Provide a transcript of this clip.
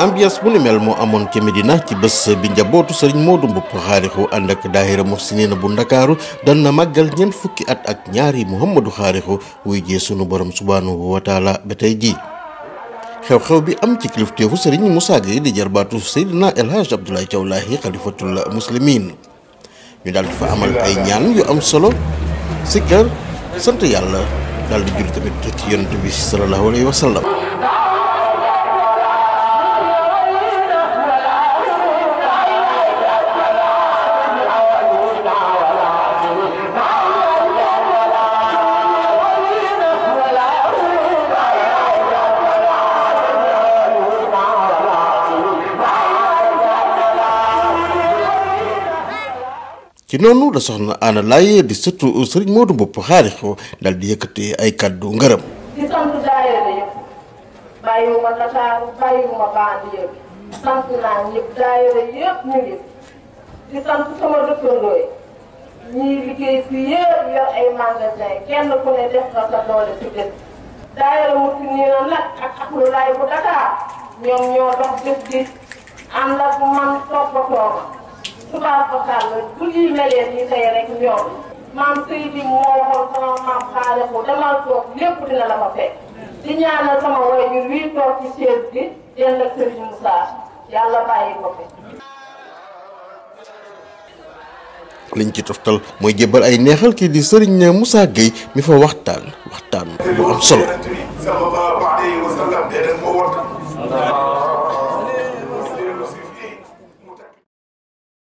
ambiance bu ni mel moo amoon ca Medina ci bés bi njabootu sëriñ Modou Mboup xaarixu ànd ak daahira Muhsinina bu ndakaaru dan na màggal ñeent fukki at ak ñaari Mouhamadou xaarixu wuy jee sunu borom subhaanahu wa taala tey jii xew-xew bi am ci kilifteefu sëriñ Moussa Gueye di jarbaatu Seydina El Hadj Abdoulaye Thiaw Lahi xalifatul muslimin ñu daal di fa amal ay ñaan yu am solo sikkar sant yàlla daal di jul tamit ci yonent bi sallallahu alayhi wa ci noonu la soxna Anna Laye di sëtu Serigne Modou Mboup xaarixu dal di yëkkati ay kàddu ngërëm. di sant daayira yëpp bàyyiwuma Ndakaaru bàyyiwuma bandi yëpp sant naa ñëpp daayira yëpp ñu ngi di sant sama dëkkandoo yi ñuy liggéey fi yëpp yor ay magasin kenn ku ne def nga sa doole ci dëkk. daayira mu fi nii na nag ak Aklu Laay bu Dakar ñoom ñoo dox dëkk bi ànd ak man toppatoo ma. tubaab bakar la bu lii melee nii tey rek ñoom maam Seydi moo waxoon sama maam xaale toog lépp dina la fa fekk di ñaanal sama way wii toog ci chaise bi dend ak Serigne yàlla bàyyi ko fi liñ ci toftal mooy jébbal ay neexal kii di Serigne Moussa Gueye mi fa waxtaan waxtaan bu am solo.